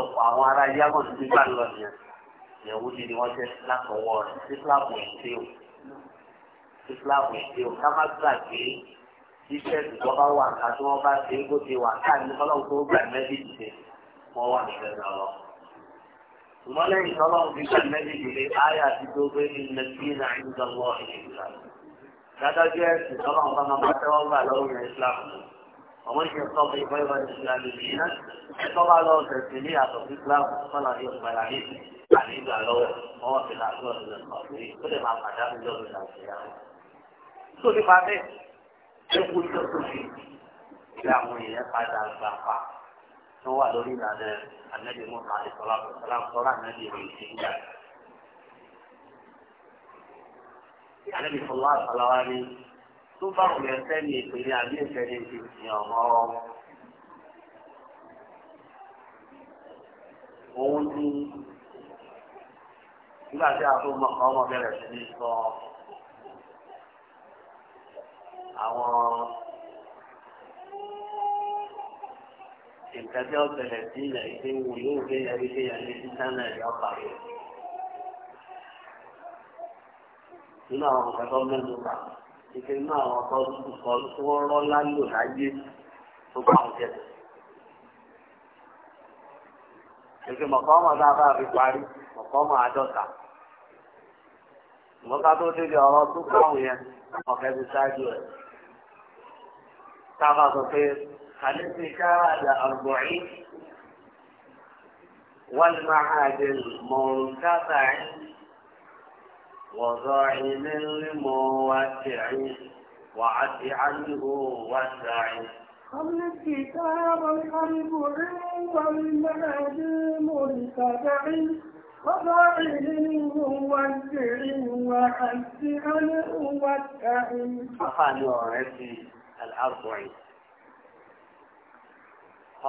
ọ̀pọ̀lọpọ̀ àwọn ará yámọ̀ tó gbígbà lọ nìyẹn ìyẹ̀wò ni wọ́n jẹ́ látọwọ́ rẹ̀ sísíláàmù ẹ̀dẹ́ o sísíláàmù ẹ̀dẹ́ o ká má gbàgbé iṣẹ́ ìjọba wà ká tí wọ́n bá ṣe é bó ti wà káàdì ọlọ́run tó gbà mẹ́bí dìde wọ́n wà nílẹ̀ náà lọ. ṣùgbọ́n lẹ́yìn ọlọ́run fi gbà mẹ́bí dìde áyà ti tó gbé ní nàìjíríà náà ń dáadáa jẹ́ ìṣọ̀lọ́run bá máa bá tẹ́wọ́ gbà lọ́rùn ìsìláàmù ومن يقتضي غير الاسلام دينا طبعا لو تسليمي على الاسلام فلا يقبل عليه عليه على هو في الاعذار من الخاطرين كل ما قدام يوم القيامه sórí pàtẹ ẹkú tó tó fi kí àwọn èèyàn padà gbà pa tó wà lórí ìlànà ànábì mọ́tò àdìsọ́lá sọ́lá sọ́lá ànábì rẹ̀ ti ń gbà. ànábì sọ́lá tó bá wù yẹn sẹ́ni ìpínlẹ̀ àbí ìfẹ́ni ti fi hàn òun ni nígbà tí àwọn ọmọ kan ọmọ bẹ̀rẹ̀ sí ní sọ àwọn nǹkan tí wọ́n bẹ̀rẹ̀ sí ilẹ̀ ìdí wù yóò gbé ẹbí gbé yẹn ní sísánà ìyá ọ̀pá rẹ̀. nínú àwọn nǹkan tó mẹ́nu bá ìfẹ́ inú àwọn ọkọ̀ dúdú lálò láyé tó bá wọn jẹ. Ìfẹ́ mọ̀kọ́mọ̀ náà bá fi parí mọ̀kọ́mọ̀ àádọ́ta. Ìwọ́n tó débi ọ̀rọ̀ tó káwọn yẹn ọ̀kẹ́ ti ṣáájú rẹ̀. Táwọn sọ pé kàlẹ́sì kára àjà ọ̀gbọ̀nyí wọ́n máa àjẹ mọ̀ọ́rùn káàtà yìí wọ̀zọ̀ واسع وعد عنه واسع قبل الكتاب القلب عند المهدم الفزع وفاعل موزع وحد عنه واسع فقال ربي الأربع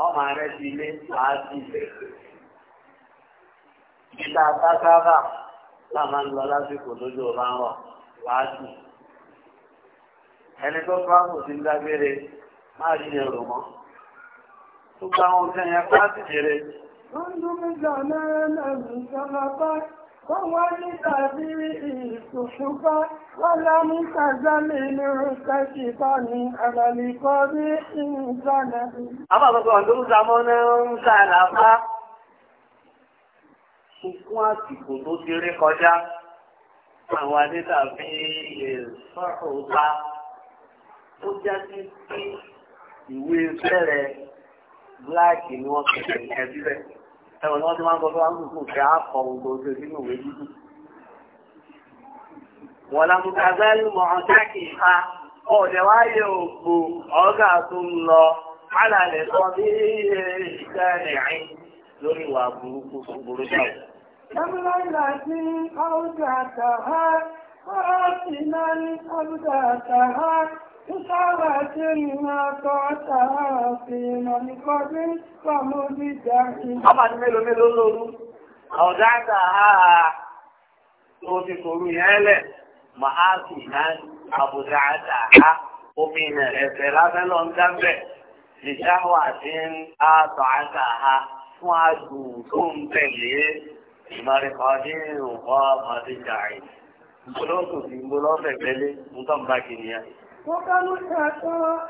ọmọ rẹ̀ ti lé ààbí ìta àtàkàbà láàmà ń lọ lásìkò ẹni tó fáwọn sí lágbére máa rí ní ọ̀rọ̀ mọ́ tó gba àwọn ọ̀sẹ̀ yẹn bá sì jèrè. wọ́n tún mí gbà mẹ́rin náà ní sọ́nà bá wọ́n wá ní tàbí ìṣòṣùpá wọ́n lá ní tàzálẹ̀ ní rúkẹ́kì bá ní àlàlìkọ́ bí ìrìnsáná. àbàbọ̀gbọ̀ ọ̀dọ́ ń samọ́ náà ń sàlàfá sunkún àsìkò tó ti rí kọjá àwọn adé tàbí ìṣòṣùpá. tó já sí ìwé bẹ̀rẹ̀ bíláàkì ni wọ́n fi ṣe ìṣẹ́ ẹ̀wọ̀n ni wọ́n ti máa ń gbọ́ fún àkókò fẹ́ àkọ́ ohun tó ṣe sínú ìwé dúdú. wọ́n lámúta bẹ́ẹ̀lì mọ̀ ọ́n káàkì ìfà ọ̀dẹ̀ wá yẹ ọ̀gá tó ń lọ alàlẹ̀ sọ bí ìṣẹ́ rẹ̀ rìn lórí ìwà burúkú tó burú jáwé. àtàhá, ọ̀rọ̀ Ọmọ ni mélòó mélòó lóru, ọ̀dáta àà tó ti kòrò yẹn máa sì náà àbùdá àtàá omi ìnà ẹ̀fẹ̀ lábẹ́ ń dábẹ̀. Ìjáwà ti ń àtọ̀ àtàá fún àjò tó ń tẹ̀lé ìmọ̀rẹ̀kọ́dé ìrùnkọ́ ọmọdé jàre. Gbọ́dọ̀ tó ti ń gbọ́dọ̀ fẹ̀ mo tọ́ وقد أتى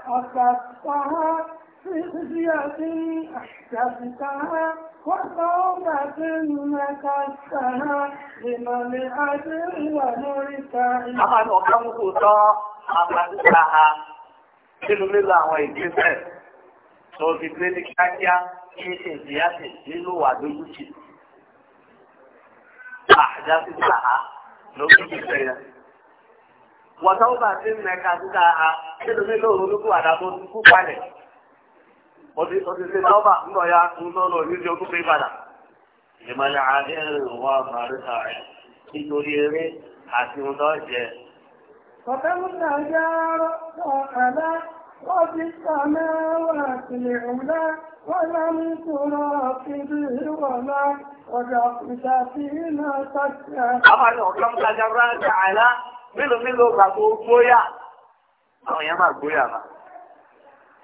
أسستها في خزية أحدثتها وصوبة نكستها لمن أجر ومرتعي. أخذ وكم أخذتها nínú lílo àwọn ìgbésẹ̀ tó fi gbé ní kíákíá kí ṣe ìdíyàtì nínú wà lójútì. àjá sí sàá ló fi gbèsè yẹn wọ́tọ́wọ́bà tí ń mẹ́ka síta a kílómi lóru olúkú àdàbò kú palẹ̀ òṣìṣẹ́ tọ́ba ńlọ ya ńlọ́lọ́ nídìí ogún pé padà. ìmọ̀lẹ̀ àdéhùn wà màríkà rẹ̀ nítorí eré àti ńlọ́jẹ. فَتَمْنَا جَارَ وَعَلَى وَفِي السَّمَاوَاتِ الْعُلَى وَلَمْ تُرَى فِيهِ وَلَا وَجَعْتِ سَفِينَتَكَ. أَفَلَوْ كَمْ تَجَرَّتْ عَلَى mélòó mélòó gbà tó gbóyà àwọn èèyàn máa gbóyà máa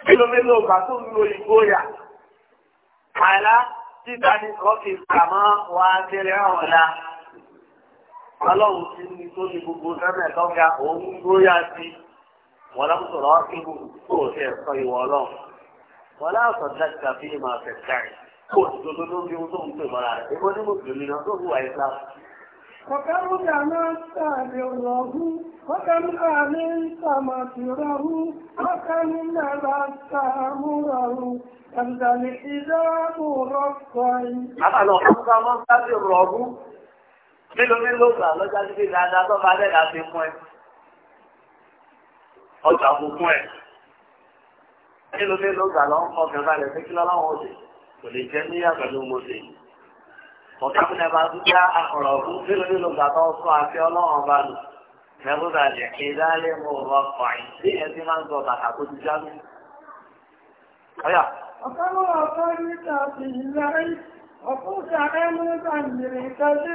mélòó mélòó gbà tó ń lo ìgbóyà àìlá títa ní ọkì àmọ́ wà á kéré àwọn ọ̀la ọlọ́run ti ní tó ní gbogbo sẹ́mẹ̀ lọ́gà òun gbóyà sí wọn lọ́mú sọ̀rọ̀ ọkì gbogbo tó ṣe sọ ìwọ ọlọ́run wọn láàtọ̀ dákítà fi máa fẹ̀ káì kó o ti dodo lórí tó ń pè وكم جنت سابره وكم أمنت مطره وكم نبت أمره كم ذا الحجاب رفعي أنا حفظ من سابره Nílò nílò gbà lọ́jà síbi dáadáa tó bá dẹ̀ láti ń kọ́ kẹfà rẹ̀ pé kí lọ́láwọ̀ òde kò ọ̀gáfúnẹ̀ bá tún já ọ̀rọ̀ fún fílò nílò gbàtọ́ fún àfi ọlọ́run bá lò mẹ́bùbà jẹ́ kí dálé mo rọ kọ̀ọ̀yìn sí ẹbí máa ń gbọ́ bàtà tó ti já lóyún. ọ̀yà. ọ̀kọ́rọ̀ ọ̀kọ́ ní tàbí ìlàrí ọ̀kúta ẹnu gbàǹdìrì ìtọ́jú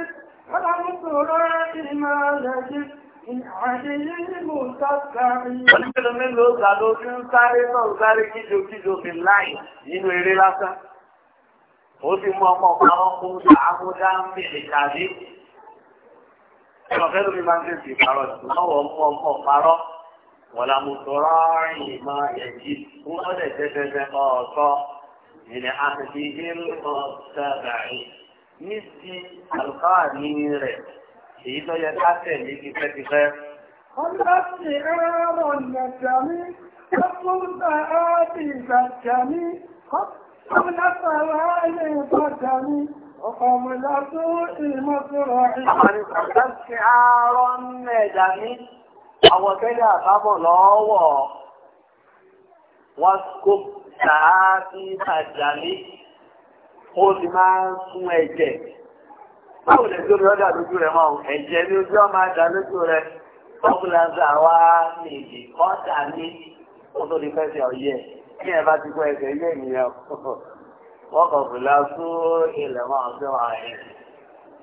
ọlọ́mùsọ̀rọ̀ ìmọ̀ lẹ́jì Onígbèlú mélòó gbà ló fi ń sáré náà sáré kíjokíjo fi láì nínú eré lásán ó sì mú ọmọ ọ̀pọ̀ fún àkúdá ń bèèrè tàbí ẹ̀rọ̀fẹ́ lórí máa ń tẹ̀ sí ìparọ̀ ìtùnáwọ̀ mú ọmọ ọ̀parọ̀ wọ̀là mùsùlùmọ́ ìmọ̀ ẹ̀jì fún ọ̀dẹ̀ tẹ́tẹ́tẹ́ ọ̀ọ̀tọ́ ìrìn àti ìlú ọ̀sẹ̀bàrì ní ti àlùkáà ní rẹ̀ èyí tó yẹ ká tẹ̀lé tipẹ́tipẹ́. ọ̀nà ti rárọ̀ nàjàmí وقملة المزرع فارسلت ó ti máa ń sún ẹ̀jẹ̀ báwo lè tó lọ́dà lójú rẹ̀ mọ́ ẹ̀jẹ̀ ní ojú ọmọ àdá lójú rẹ̀ ọkùnrin àgbà wa nìyí kọ́ta ní ó tó lè fẹ́ fẹ́ ọ̀yẹ́ ní ẹ̀bá ti kọ́ ẹsẹ̀ ilé ènìyàn wọ́n kàn fún lásù ilẹ̀ wọn àti ọ̀hún àyè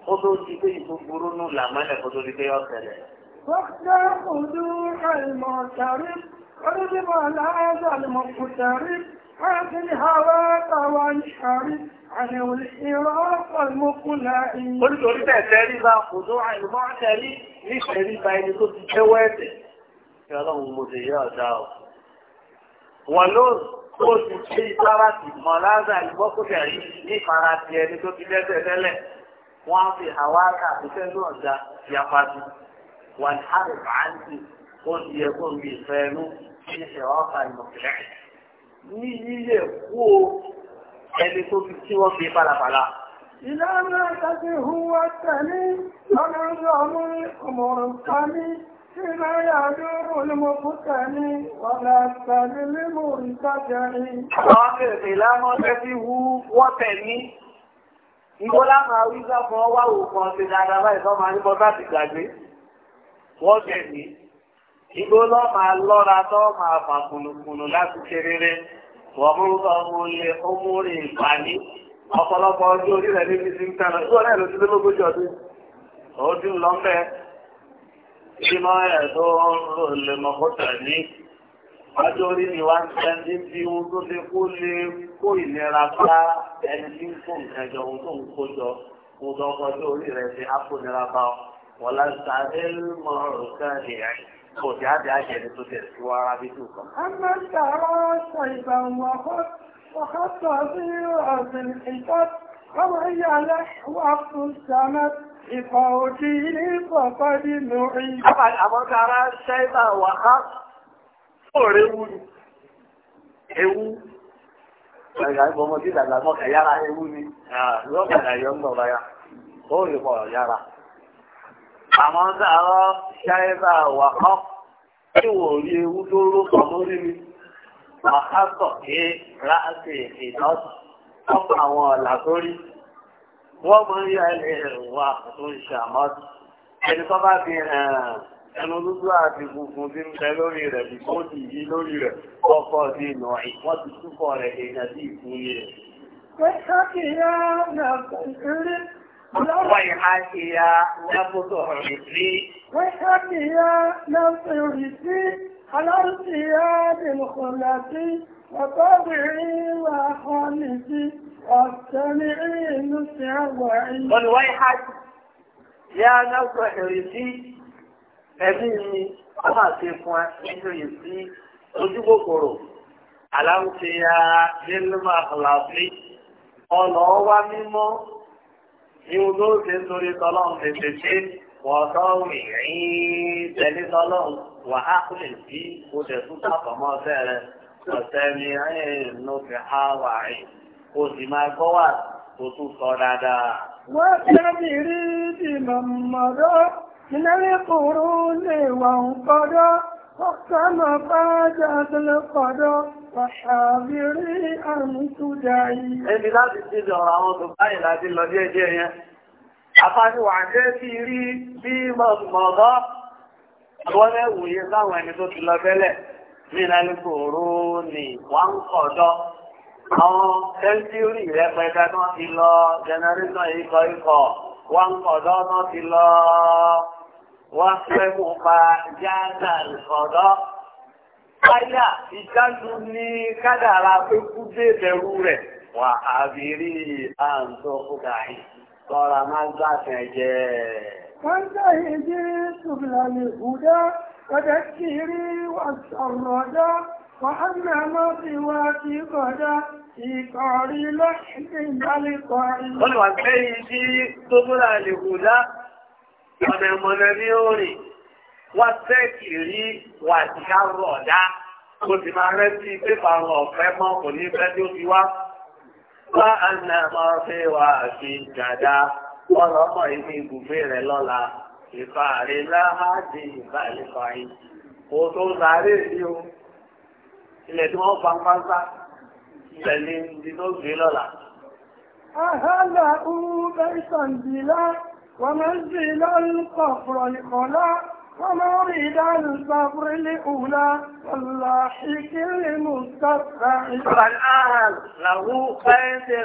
ó tó ti pé ìtú burú nù làmọ́lẹ̀ kó tó di pé ọ̀sẹ̀lẹ̀. wọ́n jẹ́ òdu àìmọ̀ tàrí onídìbò aláàzà àlùmọ̀kù tàrí wọ́n ti ní hawa tàwa ń ṣàrí àníwòl ìrọ̀ tẹ́rí bá kò tó àìmọ̀ tẹ́rí níṣẹ́rí bá ẹni tó ti jẹ́wọ́ ẹ̀sẹ̀ kí ọlọ́run mo ṣe yọ ọ̀dà ọ̀ wọ́n ló ó ti ṣe ìtara sí mọ̀láza ìgbọ́kùnrin yìí ní ìfara ti ẹni tó ti dẹ́sẹ̀ tẹ́lẹ̀ wọ́n á fi àwáàkà àtúnṣe náà já yapa sí wọ́n á rẹ̀ báńkì ó ti yẹ kó mi ìfẹ́ ẹnu ní ìṣẹ̀wọ́fà ìmọ̀kìlẹ̀ ní yíyẹ kú ẹni tó fi tí wọ́n fi pàlàpàlà. ìlànà ìtàkì hùwà tẹ̀lé lọ́nà ọmọ ọmọ ọ̀rọ̀ فلا يعلوم المفتني ولا تلم المرتجعي. Àwọn akẹ́kẹ̀ẹ́ lámọ́ tẹ́tí wú wọ́tẹ̀ ní. Igbó lámàá wí sáfọ́ wá òkan ṣe dáadáa báyìí sọ́mọ àríkọ́ láti gbàgbé. Wọ́tẹ̀ ní. Igbó lọ́ máa lọ́ra tọ́ máa fà kùnùkùnù láti ṣe rere. Wọ́n mú ọmọ ilé ọmọ orí ìpàdé. Ọ̀pọ̀lọpọ̀ ọjọ́ orí rẹ̀ níbi ti ń tẹ̀lé. Igbó náà ló ti lé lógójì ọdún. Ọdún lọ́mọ́ ìmọ̀ ẹ̀tọ́ ọ̀rọ̀ lè mọ̀kọ́tà ní ọjọ́rí ni wá ń tẹ́ndé bí ohun tó lè kó lè kó ìlera bá ẹni tí ń kó nǹkan jọ ohun tó ń kó jọ ohun tó ń kọjọ́ orí rẹ̀ ṣe ápònira bá wọn láti ta ẹlmọ ọ̀rọ̀ká ni kò tí á di àjẹni tó tẹ̀ sí ikọ̀ òtí ní kọ̀ọ̀kọ́ nínú ìyí. Àmọ́kára ṣẹ́bà wà á fòrè wú ni. Ewu. Ẹ̀yà ìgbọmọ tí dàgbà mọ́ kẹ̀yára ewu ni. Yọ́ kẹ̀yà yọ ń lọ́ba ya. Ó lè pọ̀ yára. Àmọ́kára ṣẹ́bà wà á tí wò rí ewu tó rú pọ̀ lórí mi. Wà á kí ráàsì ìdọ́sọ̀. Ọ̀pọ̀ àwọn ọ̀là wọ́n mọ̀ ń yà ilẹ̀ wà tó ń ṣàmọ́tò ẹni tó bá fi ẹnu dúdú àti funfun ti ń bẹ lórí rẹ̀ bí kò sì yí lórí rẹ̀ kọ́kọ́ sí ìnà ìwọ́n ti túkọ̀ rẹ̀ èèyàn sí ìfúnni rẹ̀. ويحاكيا نفسه الرسلي ويحاكيا نفس الرسلي الأرضية بالخلق وطبعي وخالصي Wọ́n ni wáyé hajj, yá náà ẹ̀rì sí ẹbí mi, ọ máa ṣe fún ẹ nítorí sí ojú kòkòrò, aláwùṣe ya nílùmọ̀ àlàáfí, ọ̀nà ọwá mímọ́, ní o ló ṣe sórí tọ́lọ́n tètè ṣe, wọ́n tọ́ kó sì máa gbọ́ wà tó tún sọ dáadáa. wọ́n tẹ́lẹ̀ rí ìmọ̀ mọ̀dọ́ ìnáwó kòrò lè wà ń kọ́dọ́ ọ̀sánà bá jáde kọ́dọ́ wàṣàbírí àrùn tó dáyé. ẹni láti ṣe ọ̀rọ̀ àwọn tó báyìí láti lọ díẹ̀ díẹ̀ yẹn. àfáníwà jẹ́ sí rí bí mọ̀dọ́ àwọn ẹ̀wòye láwọn ẹni tó ti lọ bẹ́lẹ̀ ní ìnáwó kòrò ní wà ń kọ́dọ́ àwọn sẹ́ńtúrì rẹpẹtẹ tó ti lọ jẹnẹrétọ̀ ikọ̀ ikọ̀ wọn kọ̀dọ́ tó ti lọ wọ́n fẹ́kù pa jáàdà ìkọ̀dọ́. Báyà ìjánu ní kádàrà pé kú dé bẹ̀rù rẹ̀ wà àbírí àǹtó fúgà Tọ́ra máa ń gbàtẹ̀ Wọ́n jẹ́ ìdí وأما ما سواك rí wà ní àrọ̀ ọ̀dá kò sì máa rẹ́sí pépà àwọn ọ̀fẹ́ mọ́ kò ní fẹ́ tí ó fi wá wá àná máa fẹ́ wá àfi dàda ọ̀rọ̀ ọmọ ìní ibùgbé rẹ̀ lọ́la ìfàrí láhàdì ìbálẹ̀ fàáyì kò tó ilẹ̀ tí wọ́n fa pátá ilẹ̀ ní ibi tó gbé lọ́la. Àhálà oòrùn Bẹ́sàn Bìlá, wọ́n máa ń sì lọ́lùkọ̀ fọ̀rọ̀lìkọ̀lá, wọ́n máa rí ìdánù sàbúrí ní òhùlá, ọ̀là ìkírí mú sàbúrà ìgbà. Àhálà làwọn Bẹ́sàn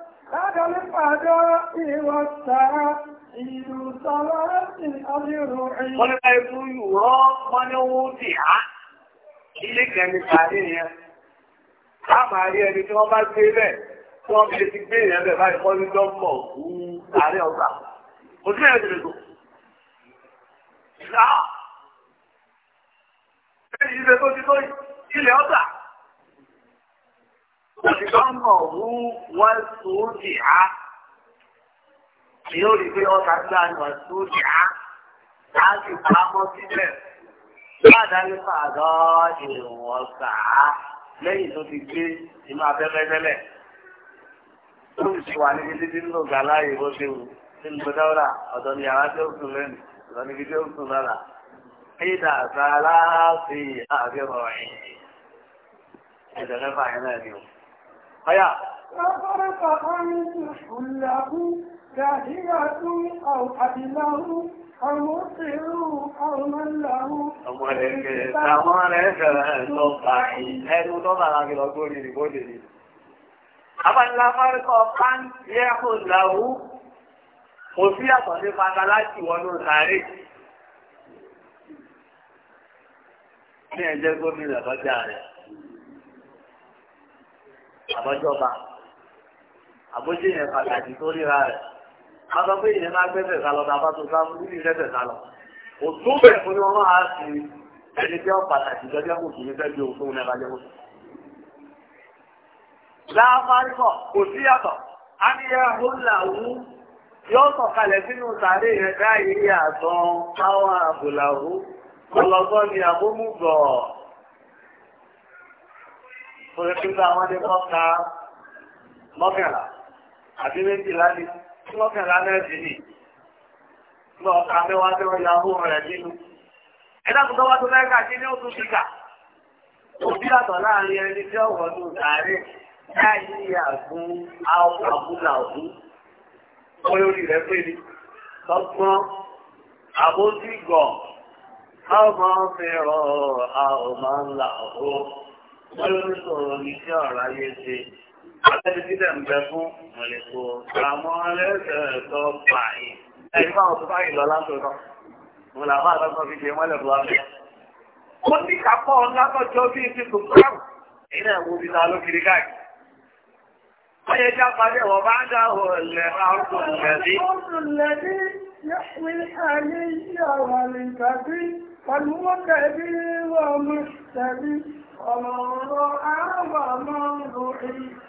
هذا القضاء والساعة عيد صلاة الأجر عيد قل أيضا يرى من وضع إليك مثالية Àmàrí ẹni tí wọ́n bá gbé bẹ̀, tí wọ́n fi ti gbé ìyẹn bẹ̀ báyìí kọ́ ní dọ́pọ̀ fún ààrẹ ọ̀gbà. Òtún ẹ̀rọ ìrìnàjò. Ìlà. Ẹni ìrìnàjò ti tó ilẹ̀ ọ̀gbà ọ̀dìgbọ́mọ̀wú wọ́n sóòdì á yóò rí pé ọ̀tá gbà ní wọ́n sóòdì á á sì pamọ́ síbẹ̀ ládàáyé fàgọ́ ìrùwọ̀n gbà á tó ti gbé inú abẹ́rẹ́ tó ń ṣe wà ní ibi nínú ọ̀gá láàyè ṣe wù nínú gbẹdáwọ́lá ọ̀dọ́ ni yàrá tó sùn lẹ́nu ọ̀dọ́ ni ibi tó sùn lára ìdà sàlá sí àbẹ̀wọ̀ ẹ̀yìn ẹ̀dọ̀ yẹn náà ni o. هيا أفرق أنت حله كاهرة أو حبله أو مطر أو من له أمرك أمرك تطعي هذا طبعا كده قولي لي قولي لي أفن لا فرق أن يأخذ له وفي أطلق فقالات ونصاري ní ẹjẹ́ gómìnà lọ́jà rẹ̀ àbọ́jọba àbójú yẹn pàtàkì tó ríra rẹ̀ bàbá pé ìyẹn máa gbẹ́sẹ̀ sálọ bàbá tó sá fún níbi ìrẹsẹ̀ sálọ òtún bẹ̀ fún ni wọ́n máa fi ẹni tí wọ́n pàtàkì jọjọ́ kò sí ní fẹ́ bí òfin náà bàjẹ́ wọ́n. láàmárìkọ̀ kò sí yàtọ̀ á ní yẹ húláwú yóò sọ̀kalẹ̀ sínú sàárè rẹ̀ dáyé àtọ̀ káwọn àbùlàwú ọlọ́gbọ́n ni àbómúgbọ̀ọ́. Oye kí bá wọ́n dé mọ́ka mọ́kànlá àbí méjìlá ní tí mọ́kànlá náà dì ní. Lọ ọ̀ka mẹ́wàá tí wọ́n ya rẹ̀ nínú. Ẹ dákun tó wá tó mẹ́ka kí ní oṣù kíkà. Òbí àtọ̀ láàrin ẹni tí ọ̀wọ́ ní òtàrí láyé àgún àbúlà òkú. Oye orí rẹ̀ pé ni. Lọ́gbọ́n àbójúgọ̀. Àwọn ọmọ ń fi rọ̀ àwọn ọmọ ńlá òkú wọ́n ló ń sọ̀rọ̀ ní sí ọ̀rọ̀ ayé ṣe àtẹ́lẹ́ sílẹ̀ ń bẹ fún mọ̀lẹ́kọ̀ àwọn ẹlẹ́sẹ̀ tó pààyè ẹ̀yìn fáwọn tó báyìí lọ látọ̀tọ̀ mo là bá àtọ́kọ́ fi ṣe mọ́lẹ̀ ní kápọ̀ ńlákọ̀jọ́ bíi ti kòkòrò èyí náà wo bíi ta káàkiri. wọ́n yẹ kí a padà bá ń dá ọ̀lẹ̀ àrùn lẹ́bí. ọ̀lẹ́bí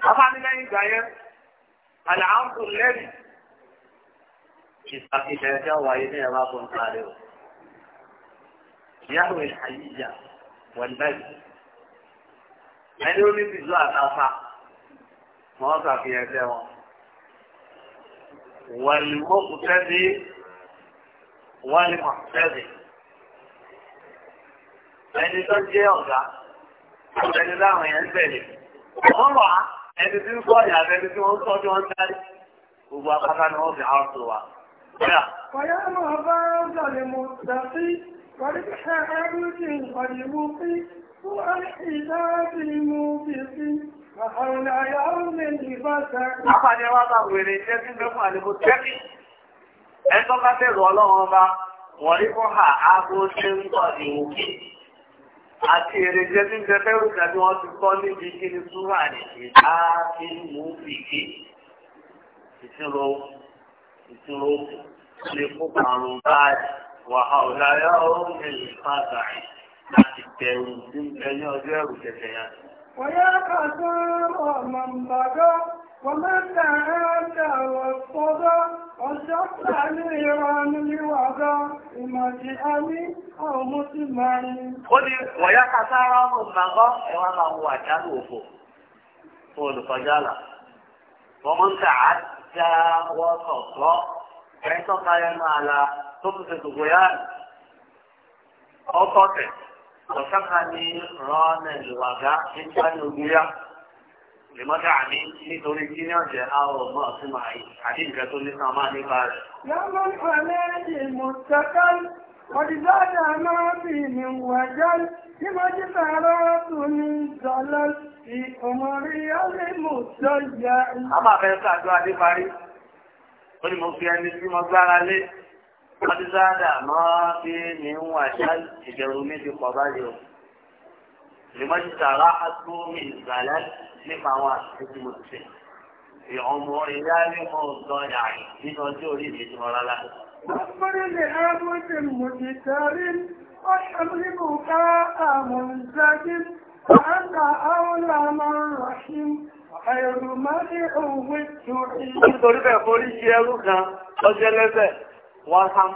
Afánilẹ́yìn ìgbà yẹn, àlàáfù lẹ́rì. Ìsàkìlẹ̀ ẹjọ́ wáyé ní ẹ̀rọ abọ́ nǹkan rẹ̀ o. Ìyáwó ìhàyíyà wọ̀n bẹ́ẹ̀. Ẹni ó ní bìzú àtàfà, wọ́n sàfihàn ẹgbẹ́ wọn. Wọ́n lè mọ́kù tẹ́bí, wọ́n lè mọ̀ tẹ́bí. Ẹni tó jẹ́ ọ̀gá. ẹni láwọn yẹn ń tẹ̀lé wọ́n wà ẹni tí ń kọ́ ìyá ẹni tí wọ́n ń tọ́jú wọn dárí gbogbo apáta ni wọ́n fi hàn tó wa. Wàyá máa bá ọ̀dọ̀lẹ̀ mọ̀ dàbí wàlí ká ẹrúdì ìwàlíwú sí fún ìdáàbì mú bí sí. Àwọn àyà ó lè yìnbá sẹ́. Lápàdé wá bá wèrè iṣẹ́ tẹ́kì. Ẹ ọlọ́run ọba, fún ha, aago àti èrè ní jẹ́fẹ́ òkúta tí wọ́n ti kọ́ níbi kí ni súrà nìyí á mú fìké ìṣirò ìṣirò lè kó àrùn báyìí wàhálà yà ó lè fàtà láti bẹ̀rù ní ẹni ọjọ́ ẹ̀rù kẹ̀kẹ́ yẹn. wọ́n yá kà sí ọ̀nà ومتى هذا والصدى وشق نيران لوضع مجئني أو مطمئن قل ويا خسارة مضمغة وما هو كذوب قل فجالة ومن تعدى وصدى كيف قيم على تمسك غيان أو قتل وشق نيران الوضع إنسان يبيع lèmọ́tà àní nítorí kí ní ọ̀jẹ̀ àwọn ọmọ ọ̀túnmọ̀ àyè àti nǹkan tó nípa máa nípa rẹ̀. yọ́mọ́ ìpàlẹ́ ìmọ̀tàkàl ọ̀dìdájà máa fi ní wàjál ní mọ́jítà rọ́ọ̀tù ní zọlọ́ sí ọmọrí ọlẹ́mọ̀ tó yá. a máa fẹ́ sàjọ adébárí ó ní mo fi ẹni tí mo mi ti pọ̀ báyìí لمن تراحته من زلل لفواسد المسلم في عمر ذلك الضيع من وجوه الجمرة أكبر لآبد مجتر وحمل بكاء منزج فأنت أولى من رحم خير مدعو الدعي. nítorí bẹ́ẹ̀ forí ṣe ẹrú kan ọjọ́ lẹ́sẹ̀ wọ́n hàn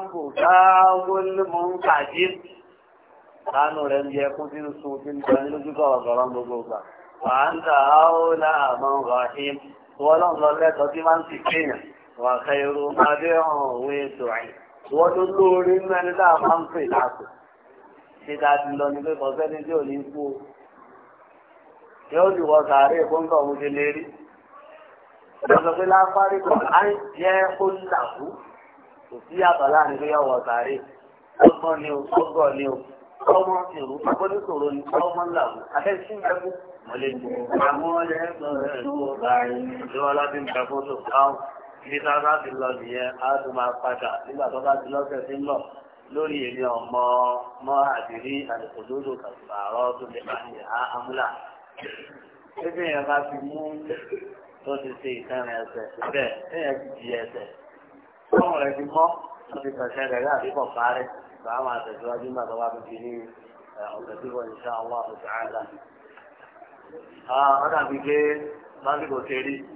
sánú rẹ̀ ń jẹ kún sí sun tí ń tọ́ ní lójú kọ̀rọ̀ kọ̀rọ̀ gbogbo gbà. wà á ń ta áwòlá àmọ́ rahim wọ́n lọ́n lọ lẹ́tọ̀ọ́ tí máa ń sì kéèyàn wà á kẹ́ irú máa dé hàn òwe ètò àyè. wọ́n tó lóore nínú ẹni tá a máa ń pè láàpù. ṣé dáadé lọ ni pé kọ́sẹ́ ní tí ò ní kú o. yóò sì wọ sàárè kóńtọ̀ mo ti lè rí. lọ́sọ̀ pé láfárí kan á ń jẹ́ ó ń làkú. kò sí yàtọ̀ láàrin pé yọ̀ wọ sàárè. ọgbọ́n ni o ọgbọ́n ni o ọmọ ìrù agbọ́dún sọ̀rọ̀ ní ọmọ làwọn abẹ́sí ìjẹ́kù mọ̀lẹ́bí àwọn ẹ̀ẹ́dọ̀ ẹ̀ẹ́dọ̀ báyìí ìjọba láti ń gbàgbọ́ tó káwọn ibi tá a bá ti lọ nìyẹn á tún máa padà nígbà tó bá ti lọ́sẹ̀ sí ń lọ lórí èmi ọmọ mọ́ àdìrí àdìkòdódò kàtàrọ́ tó lè máa ń yà amúlà. Ṣébí yẹn bá ti mú tó ti ṣe ìtàn ẹsẹ̀ bẹ́ẹ̀ ẹ̀yẹ ti di ẹsẹ̀. Fọ́ọ̀mù rẹ̀ ti mọ́ tó ti pẹ̀sẹ̀ rẹ̀ láti kọ̀ parẹ́. فأما تزواج ما ضواب به أكتبه إن شاء الله تعالى ها أنا بيجي، ما بكتيري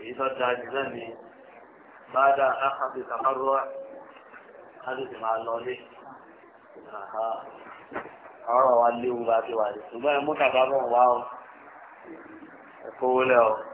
إذا تجزني بعد أخذ تقرع هذه مع الله ها ọ̀rọ̀ wa léwu bá ti wà ní ṣùgbọ́n ẹ̀